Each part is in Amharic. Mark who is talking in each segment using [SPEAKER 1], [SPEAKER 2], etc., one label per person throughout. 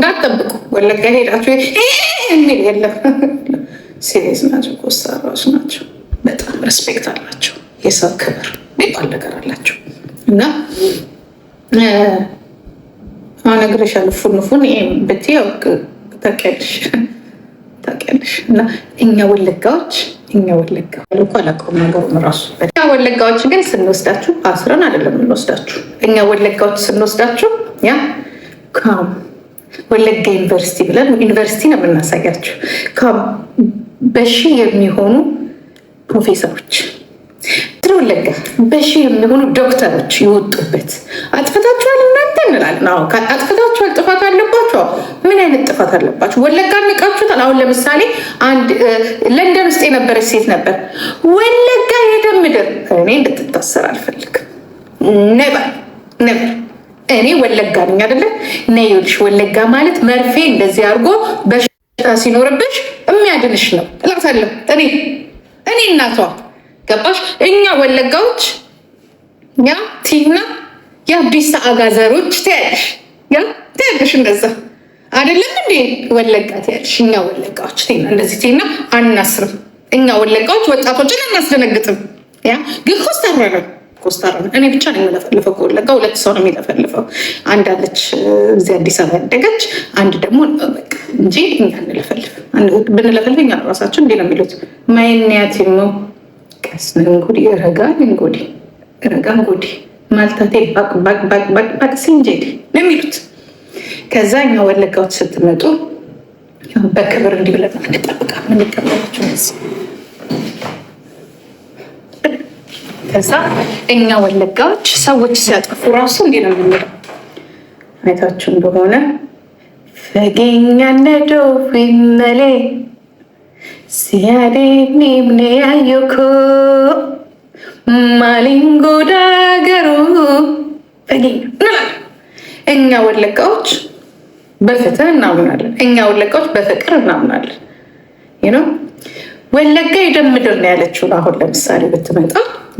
[SPEAKER 1] እንዳትጠብቁ። ወለጋ ሄዳችሁ የሚል የለም። ሴሬዝ ናቸው፣ ኮስታራዎች ናቸው። በጣም ሬስፔክት አላቸው። የሰው ክብር ሚባል ነገር አላቸው እና አሁን እነግርሻለሁ። ፉንፉን ብትይ ያው ታውቂያለሽ፣ ታውቂያለሽ። እና እኛ ወለጋዎች እኛ ወለጋ ልኮ አላውቀውም ነገሩን እራሱ። እኛ ወለጋዎች ግን ስንወስዳችሁ አስረን አይደለም እንወስዳችሁ። እኛ ወለጋዎች ስንወስዳችሁ ያ ካም ወለጋ ዩኒቨርሲቲ ብለን ዩኒቨርሲቲ ነው የምናሳያቸው። በሺ የሚሆኑ ፕሮፌሰሮች ትር ወለጋ በሺ የሚሆኑ ዶክተሮች የወጡበት አጥፍታችኋል እናንተ እንላለን። አዎ አጥፍታችኋል። ጥፋት አለባችሁ። ምን አይነት ጥፋት አለባችሁ? ወለጋ ንቃችሁታል። አሁን ለምሳሌ አንድ ለንደን ውስጥ የነበረች ሴት ነበር ወለጋ ምድር እኔ እንድትታሰር አልፈልግም። ነበር ነበር እኔ ወለጋ ነኝ አደለ? ነይልሽ ወለጋ ማለት መርፌ እንደዚህ አድርጎ በሽታ ሲኖርብሽ የሚያድንሽ ነው። እላታለሁ እኔ እኔ እናቷ ገባሽ? እኛ ወለጋዎች ያ ቲና የአዲስ አጋዘሮች ትያለሽ፣ ያ ትያለሽ፣ እንደዛ አደለም እንዴ? ወለጋ ትያለሽ። እኛ ወለጋዎች ቴና እንደዚህ ቴና አናስርም። እኛ ወለጋዎች ወጣቶችን አናስደነግጥም። ያ ግን ኮስታረ ኮስታራ እኔ ብቻ ነው የምለፈልፈው። ከወለጋ ሁለት ሰው ነው የሚለፈልፈው። አንድ አለች እዚህ አዲስ አበባ ያደገች፣ አንድ ደግሞ እንጂ እኛ እንለፈልፍ ብንለፈልፍ እኛ ራሳቸው እንዲ ነው የሚሉት። ማይንያት ሞ እንጉዲ ረጋ ንጎዲ ረጋ ንጎዲ ማልታቴ ባቅባቅባቅባቅ ሲንጄዲ ነው የሚሉት። ከዛ እኛ ወለጋዎች ስትመጡ በክብር እንዲህ ብለን እንጠብቃ ምንቀበላቸው ከዛ እኛ ወለጋዎች ሰዎች ሲያጠፉ ራሱ እንዲ ነው የምንለው። አይታችሁ እንደሆነ ፈገኛነ ዶፍ መሌ ሲያዴ ኒምኔ ያየኮ ማሊንጎ ዳገሩ ፈገኛ እኛ ወለጋዎች በፍትህ እናምናለን። እኛ ወለጋዎች በፍቅር እናምናለን ነው ወለጋ የደም ምድር ነው ያለችውን አሁን ለምሳሌ ብትመጣ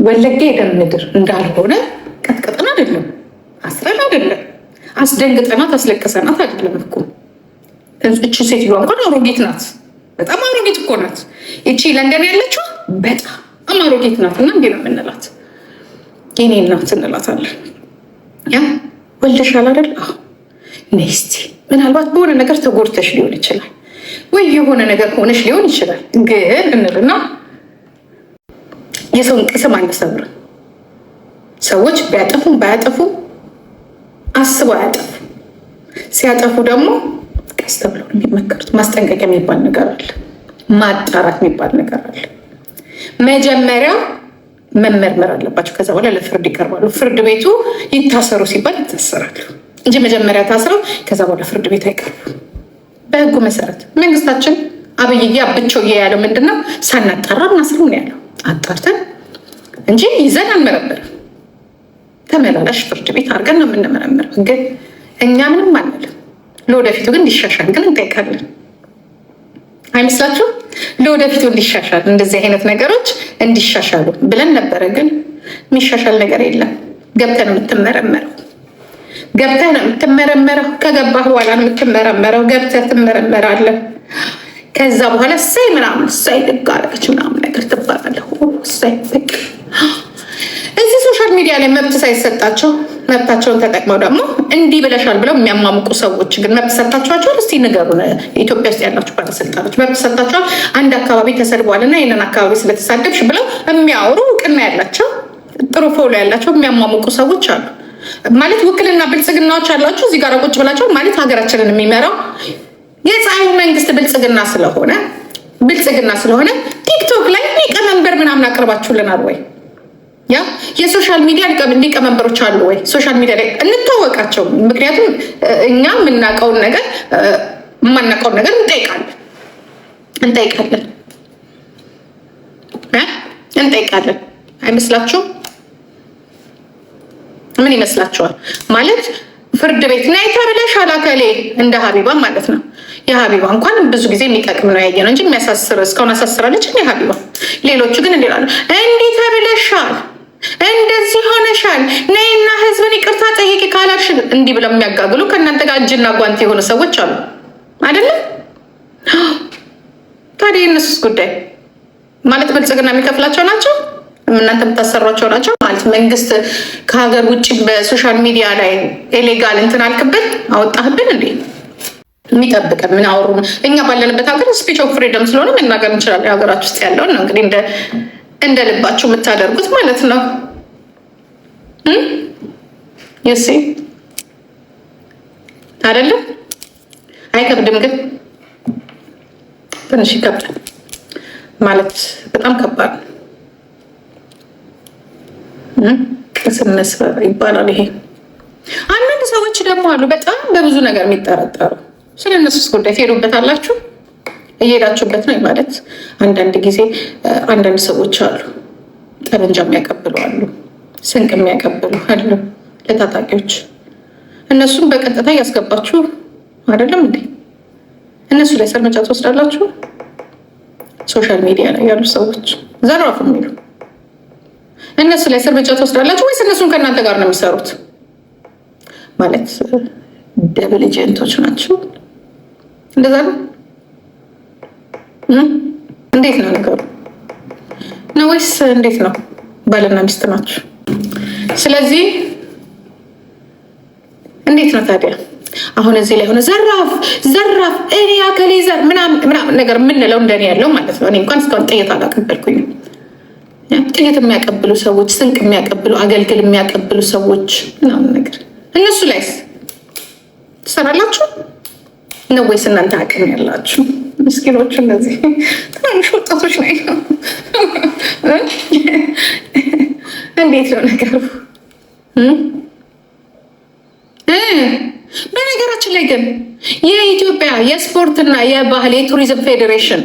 [SPEAKER 1] ወለጋ የደም ምድር እንዳልሆነ ቀጥቅጠን አይደለም፣ አስረን አይደለም፣ አስደንግጠናት አስለቀሰናት አይደለም እኮ። እቺ ሴትዮዋ እንኳን አሮጌት ናት፣ በጣም አሮጌት እኮ ናት። እቺ ለንደን ያለችው በጣም አሮጌት ናት። እና እንዴ ነው የምንላት፣ የኔ እናት እንላታለን። ያ ወልደሻል አይደል? ነስቲ ምናልባት በሆነ ነገር ተጎድተሽ ሊሆን ይችላል ወይ የሆነ ነገር ሆነሽ ሊሆን ይችላል። ግን እንልና የሰውን ቅስም አንሰብርም። ሰዎች ቢያጠፉም ባያጠፉ አስበው አያጠፉ። ሲያጠፉ ደግሞ ቀስ ተብለው የሚመከሩት። ማስጠንቀቂያ የሚባል ነገር አለ። ማጣራት የሚባል ነገር አለ። መጀመሪያ መመርመር አለባቸው። ከዛ በኋላ ለፍርድ ይቀርባሉ። ፍርድ ቤቱ ይታሰሩ ሲባል ይታሰራሉ እንጂ መጀመሪያ ታስረው ከዛ በኋላ ፍርድ ቤት አይቀርቡም። በህጉ መሰረት መንግስታችን አብይዬ አብቸውዬ ያለው ምንድን ነው? ሳናጣራ እናስር ነው ያለው። አጣርተን እንጂ ይዘን አንመረምርም። ተመላላሽ ፍርድ ቤት አድርገን ነው የምንመረምረው። ግን እኛ ምንም አንልም። ለወደፊቱ ግን እንዲሻሻል ግን እንጠይቃለን። አይመስላችሁም? ለወደፊቱ እንዲሻሻል እንደዚህ አይነት ነገሮች እንዲሻሻሉ ብለን ነበረ። ግን የሚሻሻል ነገር የለም። ገብተን የምትመረመረው ገብተህ ነው የምትመረመረው። ከገባህ በኋላ ነው የምትመረመረው። ገብተህ ትመረመራለህ። ከዛ በኋላ እሰይ ምናምን እሰይ ልጋረች ምናምን ነገር ትባላለህ። እሰይ በቃ እዚህ ሶሻል ሚዲያ ላይ መብት ሳይሰጣቸው መብታቸውን ተጠቅመው ደግሞ እንዲህ ብለሻል ብለው የሚያማምቁ ሰዎች ግን መብት ሰጣችኋቸዋል? እስቲ ንገሩን። ኢትዮጵያ ውስጥ ያላችሁ ባለስልጣኖች መብት ሰጣችኋል? አንድ አካባቢ ተሰድቧል እና ይህንን አካባቢ ስለተሳደብሽ ብለው የሚያወሩ እውቅና ያላቸው ጥሩ ፎሎ ያላቸው የሚያማምቁ ሰዎች አሉ። ማለት ውክልና ብልጽግናዎች አሏችሁ እዚህ ጋር ቁጭ ብላቸው ማለት ሀገራችንን የሚመራው የፀሐዩ መንግስት ብልጽግና ስለሆነ ብልጽግና ስለሆነ ቲክቶክ ላይ ሊቀመንበር ምናምን አቅርባችሁልናል ወይ? ያ የሶሻል ሚዲያ ሊቀመንበሮች አሉ ወይ? ሶሻል ሚዲያ ላይ እንታወቃቸው። ምክንያቱም እኛ የምናውቀውን ነገር የማናውቀውን ነገር እንጠይቃለን እንጠይቃለን እንጠይቃለን። አይመስላችሁም? ምን ይመስላችኋል? ማለት ፍርድ ቤት ነይ ተብለሽ አላከሌ እንደ ሀቢባ ማለት ነው። የሀቢባ እንኳን ብዙ ጊዜ የሚጠቅም ነው ያየ ነው እንጂ የሚያሳስር እስካሁን አሳስራለች እ ሀቢባ ሌሎቹ ግን እንዲላሉ እንዲህ ተብለሻል፣ እንደዚህ ሆነሻል፣ ነይና ህዝብን ይቅርታ ጠይቂ ካላሽ እንዲህ ብለው የሚያጋግሉ ከእናንተ ጋር እጅና ጓንት የሆኑ ሰዎች አሉ አይደለም። ታዲያ የእነሱስ ጉዳይ ማለት ብልጽግና የሚከፍላቸው ናቸው። እናንተ የምታሰሯቸው ናቸው ማለት መንግስት ከሀገር ውጭ በሶሻል ሚዲያ ላይ ኢሌጋል እንትን አልክብን አወጣህብን እንዴ የሚጠብቅ ምን አወሩ? እኛ ባለንበት ሀገር ስፒች ኦፍ ፍሪደም ስለሆነ መናገር እንችላለን። ሀገራች ውስጥ ያለውን ነው እንግዲህ እንደ ልባችሁ የምታደርጉት ማለት ነው። የሴ አይደለም አይከብድም፣ ግን ትንሽ ይከብዳል ማለት በጣም ከባድ ነው። ቅስነት ይባላል ይሄ። አንዳንድ ሰዎች ደግሞ አሉ በጣም በብዙ ነገር የሚጠረጠሩ። ስለ እነሱስ ጉዳይ ትሄዱበት አላችሁ እየሄዳችሁበት ነው ማለት። አንዳንድ ጊዜ አንዳንድ ሰዎች አሉ ጠመንጃ የሚያቀብሉ አሉ፣ ስንቅ የሚያቀብሉ አሉ ለታጣቂዎች። እነሱም በቀጥታ እያስገባችሁ አይደለም እንዴ? እነሱ ላይ እርምጃ ትወስዳላችሁ። ሶሻል ሚዲያ ላይ ያሉ ሰዎች ዘራፍ የሚሉ እነሱ ላይ እርምጃ ትወስዳላችሁ ወይስ እነሱም ከእናንተ ጋር ነው የሚሰሩት? ማለት ደብል ኤጀንቶች ናቸው። እንደዛ ነው። እንዴት ነው ነገሩ? ነው ወይስ እንዴት ነው? ባልና ሚስት ናቸው። ስለዚህ እንዴት ነው ታዲያ አሁን እዚህ ላይ ሆነ ዘራፍ ዘራፍ እኔ አከሌ ዘር ምናምን ነገር የምንለው እንደኔ ያለው ማለት ነው። እኔ እንኳን እስካሁን ጥይት አላቀበልኩኝም። ጥያት የሚያቀብሉ ሰዎች፣ ስንቅ የሚያቀብሉ አገልግል የሚያቀብሉ ሰዎች ምናምን ነገር እነሱ ላይስ ትሰራላችሁ ነው ወይስ እናንተ አቅም ያላችሁ ምስኪኖቹ እነዚህ ትናንሽ ወጣቶች ላይ ነው? እንዴት ነው ነገሩ? በነገራችን ላይ ግን የኢትዮጵያ የስፖርትና የባህል የቱሪዝም ፌዴሬሽን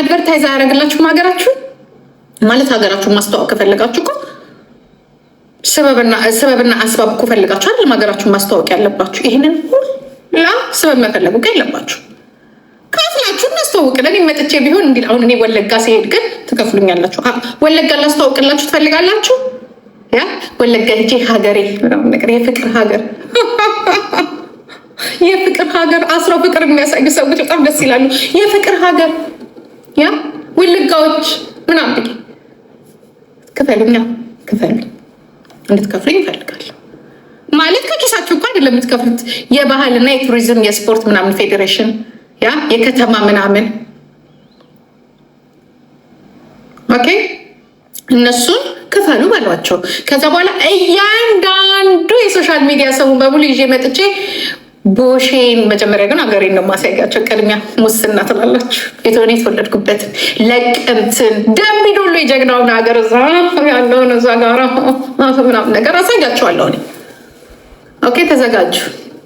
[SPEAKER 1] አድቨርታይዝ አያደርግላችሁም ሀገራችሁ ማለት ሀገራችሁን ማስተዋወቅ ከፈለጋችሁ እኮ ሰበብና አስባብ እኮ ፈልጋችሁ አይደለም ሀገራችሁን ማስተዋወቅ ያለባችሁ። ይህንን ሁላ ሰበብ መፈለጉ ግን የለባችሁ። ከፍላችሁ እናስተዋውቅን። እኔ መጥቼ ቢሆን እንግዲህ አሁን እኔ ወለጋ ሲሄድ ግን ትከፍሉኛላችሁ። ወለጋ ላስተዋውቅላችሁ ትፈልጋላችሁ። ያ ወለጋ ሄጄ ሀገሬ ነገር የፍቅር ሀገር የፍቅር ሀገር አስራው ፍቅር የሚያሳዩ ሰዎች በጣም ደስ ይላሉ። የፍቅር ሀገር ያ ወለጋዎች ምናምን ክፈልኛ ክፈል እንድትከፍል ይፈልጋል ማለት ከኪሳችሁ እኳ አይደለም የምትከፍሉት። የባህልና የቱሪዝም የስፖርት ምናምን ፌዴሬሽን ያ የከተማ ምናምን ኦኬ፣ እነሱን ክፈሉ በሏቸው። ከዛ በኋላ እያንዳንዱ የሶሻል ሚዲያ ሰውን በሙሉ ይዤ መጥቼ ቦሼ መጀመሪያ ግን ሀገሬን ነው ማሳያቸው። ቅድሚያ ሙስና ትላላችሁ። ቤትሆን የተወለድኩበት ለቅምትን ደምቢዶሎ የጀግናውን ሀገር እዛ ያለውን እዛ ጋር ምናምን ነገር አሳያችኋለሁ። ኦኬ ተዘጋጁ፣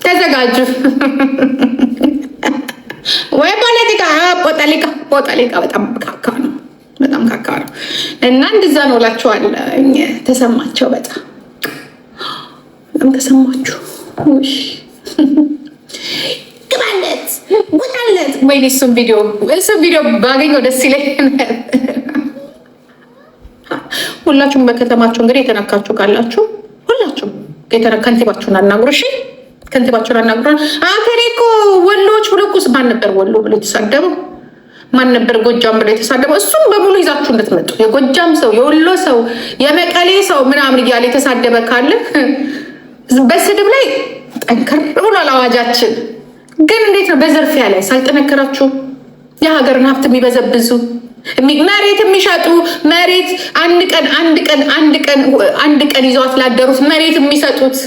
[SPEAKER 1] ተዘጋጁ። ወይ ፖለቲካ ፖጠሊቃ ፖጠሊቃ በጣም ካካ ነው፣ በጣም ካካ ነው። እና እንድዛ ነው እላችኋለሁ። ተሰማቸው፣ በጣም በጣም ተሰማችሁ። ግባለት ውጣለት። ወይኔ እሱን ቪዲዮ እሱን ቪዲዮ ባገኘው ደስ ይለኝ። ሁላችሁም በከተማችሁ እንግዲህ የተነካችሁ ካላችሁ ሁላችሁም ከንቲባችሁን አናግሩ። እሺ ከንቲባችሁን አናግሩ። አገሬ እኮ ወሎዎች ሁለቁስ ማን ነበር ወሎ ብሎ የተሳደበው? ማን ነበር ጎጃም ብሎ የተሳደበው? እሱም በሙሉ ይዛችሁ እንድትመጡ የጎጃም ሰው፣ የወሎ ሰው፣ የመቀሌ ሰው ምናምን እያለ የተሳደበ ካለ በስድብ ላይ ጠንከር ብሏል አዋጃችን። ግን እንዴት ነው በዘርፊያ ላይ ሳልጠነከራችሁ የሀገርን ሀብት የሚበዘብዙ መሬት የሚሸጡ መሬት አንድ ቀን አንድ ቀን አንድ ቀን አንድ ቀን ይዘዋት ላደሩት መሬት የሚሰጡት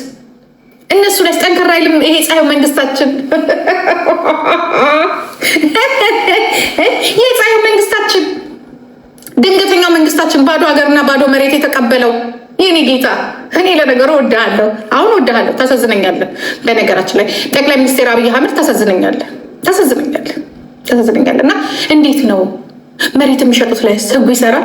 [SPEAKER 1] እነሱ ላይ ጠንከር አይልም ይሄ ፀሐዩ መንግስታችን ይህ መንግስታችን ድንገተኛው መንግስታችን ባዶ ሀገርና ባዶ መሬት የተቀበለው የኔ ጌታ እኔ ለነገሩ ወድሃለሁ፣ አሁን ወድሃለሁ፣ ታሳዝነኛለህ። በነገራችን ላይ ጠቅላይ ሚኒስትር አብይ አህመድ ታሳዝነኛለህ፣ ታሳዝነኛለህ፣ ታሳዝነኛለህ። እና እንዴት ነው መሬት የሚሸጡት ላይ ሰው ይሰራል?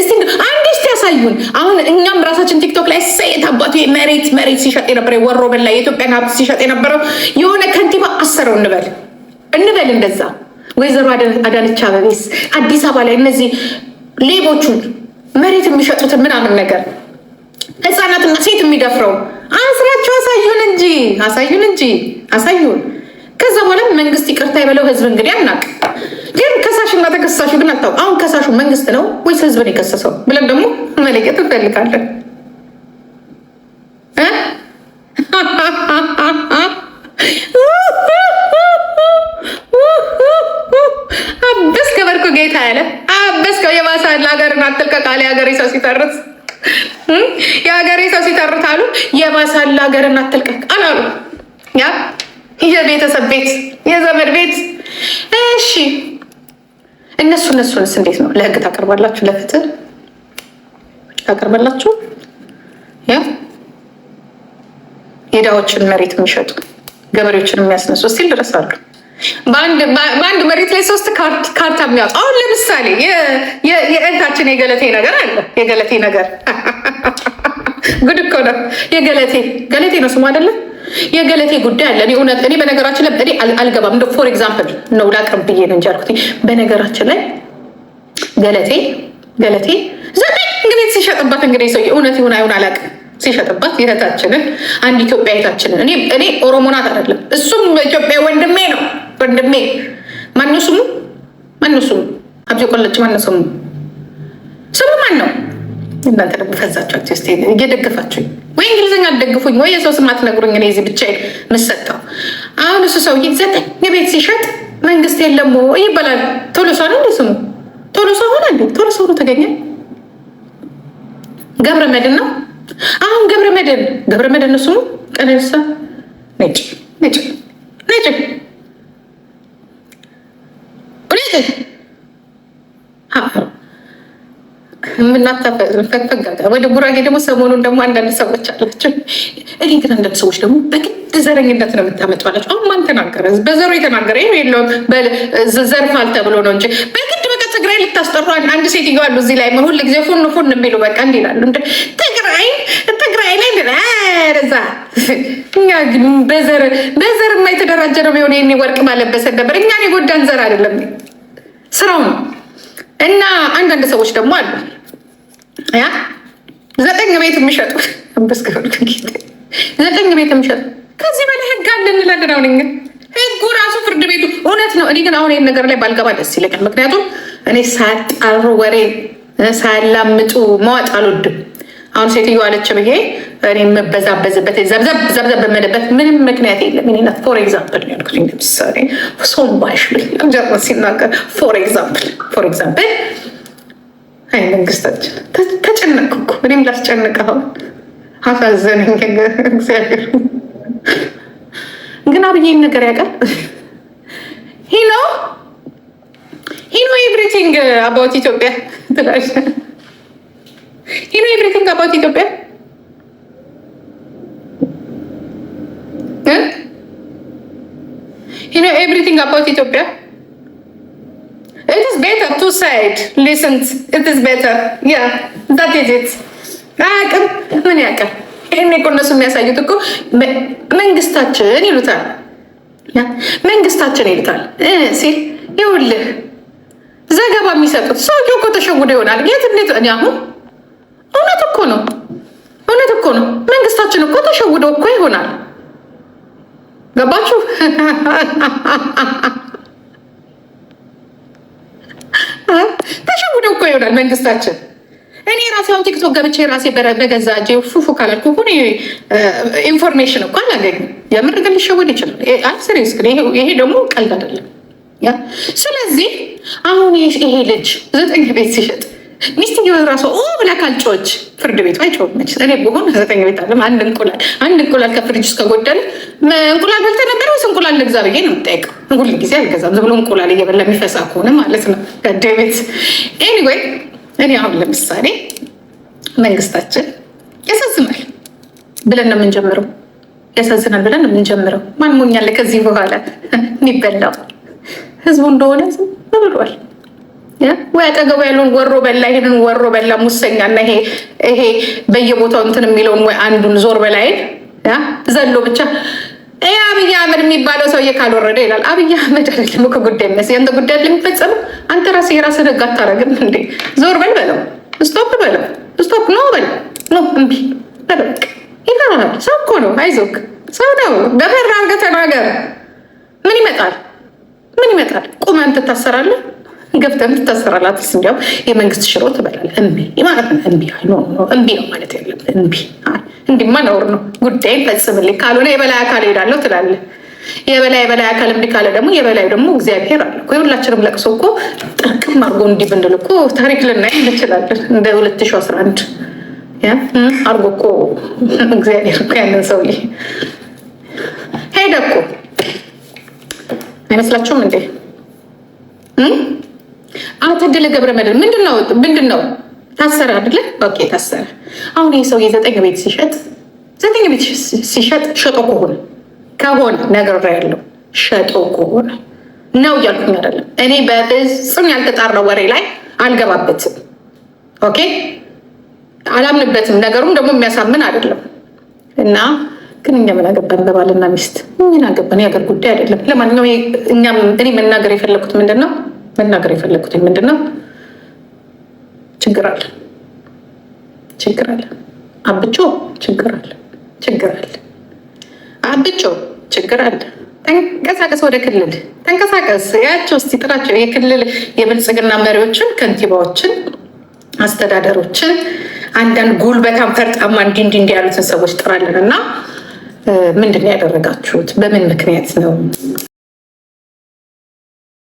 [SPEAKER 1] እስቲ አንድ ስ ያሳዩን። አሁን እኛም ራሳችን ቲክቶክ ላይ ሰየት አባቱ መሬት መሬት ሲሸጥ የነበረ ወሮ በላ የኢትዮጵያን ሀብት ሲሸጥ የነበረው የሆነ ከንቲባ አሰረው እንበል እንበል እንደዛ ወይዘሮ አዳነች አበቤስ አዲስ አበባ ላይ እነዚህ ሌቦቹን መሬት የሚሸጡትን ምናምን ነገር ህፃናትና ሴት የሚደፍረው አስራችሁ አሳዩን እንጂ አሳዩን እንጂ አሳዩን። ከዛ በኋላ መንግስት ይቅርታ የበለው ህዝብ እንግዲህ አናቅ ግን ከሳሽና ተከሳሹ ግን አታው አሁን ከሳሹ መንግስት ነው ወይስ ህዝብን የከሰሰው ብለን ደግሞ መለየት እንፈልጋለን። አበስ ከበርኩ ጌታ ያለ አበስ የባሰ ለሀገር ናትልቀቃለ ሀገር ሰው ሲፈርስ የሀገሬ ሰው አሉ የባሳላ ሀገርን አትልቀቅ አላሉ። ያ የቤተሰብ ቤት፣ የዘመድ ቤት። እሺ እነሱ እነሱንስ እንዴት ነው ለህግ ታቀርባላችሁ? ለፍትህ ታቀርባላችሁ? ያ መሬት የሚሸጡ ገበሬዎችን የሚያስነሱ ሲል ድረስ አሉ። በአንድ መሬት ላይ ሶስት ካርታ የሚያወጡ አሁን ለምሳሌ የእህታችን የገለቴ ነገር አለ። የገለቴ ነገር ጉድ እኮ ነው። የገለቴ ገለቴ ነው ስሙ አይደለም። የገለቴ ጉዳይ አለ። እውነት እኔ በነገራችን ላይ እኔ አልገባም። እንደ ፎር ኤግዛምፕል ነው ላቅርብ ብዬ ነው እንጂ አልኩት። በነገራችን ላይ ገለቴ ገለቴ ዘጠኝ እንግዲህ ሲሸጥባት እንግዲህ ሰው እውነት ይሁን አይሁን አላውቅም። ሲሸጥባት እህታችንን አንድ ኢትዮጵያ እህታችንን እኔ ኦሮሞ ናት አይደለም እሱም ኢትዮጵያ ወንድሜ ነው ወንድሜ ማነው ስሙ? ማነው ስሙ? አብዚ ቆለች ማነው ስሙ? ስሙ ማን ነው? እናንተ ደግሞ ፈዛችኋቸው ስ እየደገፋችሁኝ ወይ እንግሊዝኛ አትደግፉኝ ወይ የሰው ስም አትነግሩኝ። እኔ እዚህ ብቻዬን የምሰጠው አሁን እሱ ሰውዬ ዘጠኝ የቤት ሲሸጥ መንግስት የለም ይባላል። ቶሎሳ ነው እንደ ስሙ ቶሎሳ ሆነ እንዴ? ቶሎሳ ሆኖ ተገኘ። ገብረ መድን ነው አሁን ገብረ መድን ገብረ መድን ስሙ። ቀነኒሳ ነጭ ነጭ ነጭ ምናታፈጋጋ ወደ ጉራጌ ደግሞ ሰሞኑን ደግሞ አንዳንድ ሰዎች አላቸው። እኔ ግን አንዳንድ ሰዎች ደግሞ በግድ ዘረኝነት ነው የምታመጡ አላቸው። አሁን ማን ተናገረ? በዘሮ የተናገረ የለውም ዘርፋል ተብሎ ነው እንጂ በግድ በቃ ትግራይ ልታስጠሩ አንድ ሴትዮ አሉ እዚህ ላይ ሁል ጊዜ ፉን ፉን የሚሉ በቃ እንዲ ላሉ ትግራይ ትግራይ ላይ ረዛ እኛ ግን በዘር በዘር የማይተደራጀ ነው የሆነ ወርቅ ማለበሰን ነበር። እኛን የጎዳን ዘር አይደለም ስራው ነው። እና አንዳንድ ሰዎች ደግሞ አሉ ያ ዘጠኝ ቤት የሚሸጡ ዘጠኝ ቤት የሚሸጡ ከዚህ በላይ ህግ አለ እንላለን። አሁን ግን ህጉ ራሱ ፍርድ ቤቱ እውነት ነው። እኔ ግን አሁን ይህን ነገር ላይ ባልገባ ደስ ይለቀል። ምክንያቱም እኔ ሳያጣሩ ወሬ ሳያላምጡ መዋጥ አልወድም። አሁን ሴትዮዋ አለች ብዬ እኔ የምበዛበዝበት ዘብዘብ ዘብዘብ በምልበት ምንም ምክንያት የለም። እኔ ፎር ኤግዛምፕል ሆን ያልኩት ለምሳሌ ሶምባሽ ጀርመ ሲናገር ፎር ኤግዛምፕል ፎር ኤግዛምፕል አይ መንግስታችን ተጨነቅ እኮ እኔም ላስጨንቀኸው አሳዘነኝ። እግዚአብሔር ግን አብዬን ነገር ያውቃል። ሂ ኖ ሂ ኖ ኤቭሪቲንግ አባውት ኢትዮጵያ ትላለች። ሂ ኖ ኤቭሪቲንግ አባውት ኢትዮጵያ ኤቭሪቲንግ አባውት ኢትዮጵያ ኢት ቤተር ቱ ሳይድ ሊስንት ኢት ቤተር ያ ዳት ኢዝ ኢት አያውቅም። ምን ያውቅም? ይህን እኮ እነሱ የሚያሳዩት እኮ መንግስታችን ይሉታል መንግስታችን ይሉታል ሲል ይኸውልህ ዘገባ የሚሰጡት ሰውዬው እኮ ተሸውዶ ይሆናል። የት እንዴት እኔ አሁን እውነት እኮ ነው፣ እውነት እኮ ነው። መንግስታችን እኮ ተሸውዶ እኮ ይሆናል። ገባችሁ? ተሸውደው እኮ ይሆናል መንግስታችን። እኔ ራሴ አሁን ቲክቶክ ገብቼ ራሴ በገዛ እጄ ፉፉ ካላልኩ ሁን ኢንፎርሜሽን እኮ አላገኝም። የምር ግን ሊሸወድ ይችላል። ሲሪየስ ግን ይሄ ደግሞ ቀልድ አይደለም። ስለዚህ አሁን ይሄ ልጅ ዘጠኝ ቤት ሲሸጥ ሚስትየው ራሷ ኦ ብላ ካልጮች ፍርድ ቤቱ አይጮህም። እኔ ብሆን ዘጠኝ ቤት አለም አንድ እንቁላል አንድ እንቁላል ከፍሪጅ ውስጥ ከጎደለ እንቁላል በልተህ ነበር ወይስ እንቁላል ልግዛ ብዬ ነው የምጠይቀው። ሁል ጊዜ አልገዛም። ዝም ብሎ እንቁላል እየበላ የሚፈሳ ከሆነ ማለት ነው። ከደ ቤት ኤኒዌይ፣ እኔ አሁን ለምሳሌ መንግስታችን ያሳዝናል ብለን ነው የምንጀምረው። ያሳዝናል ብለን ነው የምንጀምረው። ማን ሞኛለ ከዚህ በኋላ የሚበላው ህዝቡ እንደሆነ ዝም ብሏል። ወይ አጠገቡ ያለውን ወሮ በላ ይሄንን ወሮ በላ ሙሰኛ እና ይሄ ይሄ በየቦታው እንትን የሚለውን ወይ አንዱን ዞር በላይን ዘሎ ብቻ ይህ አብይ አህመድ የሚባለው ሰውዬ ካልወረደ ይላል። አብይ አህመድ አይደለም እኮ ጉዳይ መስ ያንተ ጉዳይ አይደለም የሚፈጸመው። አንተ ራስህ የራስህን ህግ አታረግም እንዴ? ዞር በል በለው፣ ስቶፕ በለው፣ ስቶፕ ኖ በል ኖ እምቢ ተደቅ ይፈራል። ሰው እኮ ነው፣ አይዞክ ሰው ነው። ገበር አድርገህ ተናገር። ምን ይመጣል? ምን ይመጣል? ቁመን ትታሰራለህ። ገብተን ልታሰራላት ስ የመንግስት ሽሮ ትበላለህ። እምቢ ማለት ነው። እምቢ ነው እምቢ ነው ማለት ያለብህ እምቢ። እንዲማ ነውር ነው። ጉዳይን ፈጽምልኝ ካልሆነ የበላይ አካል ሄዳለሁ ትላለህ። የበላይ የበላይ አካል እምቢ ካለ ደግሞ የበላይ ደግሞ እግዚአብሔር አለ እኮ። የሁላችንም ለቅሶ እኮ ጥርቅም አድርጎ እንዲህ ብንል እኮ ታሪክ ልናይ እንችላለን። እንደ 2011 አድርጎ እኮ እግዚአብሔር እኮ ያንን ሰውዬ ሄደ እኮ አይመስላችሁም እንዴ? ታደለ ገብረ መድህን ምንድን ነው ታሰረ አይደለ? ኦኬ ታሰረ። አሁን ይህ ሰው የዘጠኝ ቤት ሲሸጥ ዘጠኝ ቤት ሲሸጥ ሸጦ ከሆነ ከሆነ ነገር ያለው ሸጦ ከሆነ ነው እያልኩኝ አይደለም። እኔ በፍጹም ያልተጣራ ወሬ ላይ አልገባበትም። ኦኬ አላምንበትም። ነገሩም ደግሞ የሚያሳምን አይደለም እና ግን እኛ ምን አገባን? በባልና ሚስት ምን አገባን? የሀገር ጉዳይ አይደለም። ለማንኛውም እኔ መናገር የፈለግኩት ምንድን ነው መናገር የፈለግኩትኝ ምንድነው ችግር አለ፣ ችግር አለ፣ አብጮ ችግር አለ፣ ችግር አለ፣ አብጮ ችግር አለ። ተንቀሳቀስ፣ ወደ ክልል ተንቀሳቀስ። ያቸው እስቲ ጥራቸው የክልል የብልጽግና መሪዎችን፣ ከንቲባዎችን፣ አስተዳደሮችን አንዳንድ ጉልበታም ፈርጣማ እንዲ እንዲ እንዲ ያሉትን ሰዎች ጥራለን እና ምንድን ነው ያደረጋችሁት? በምን ምክንያት ነው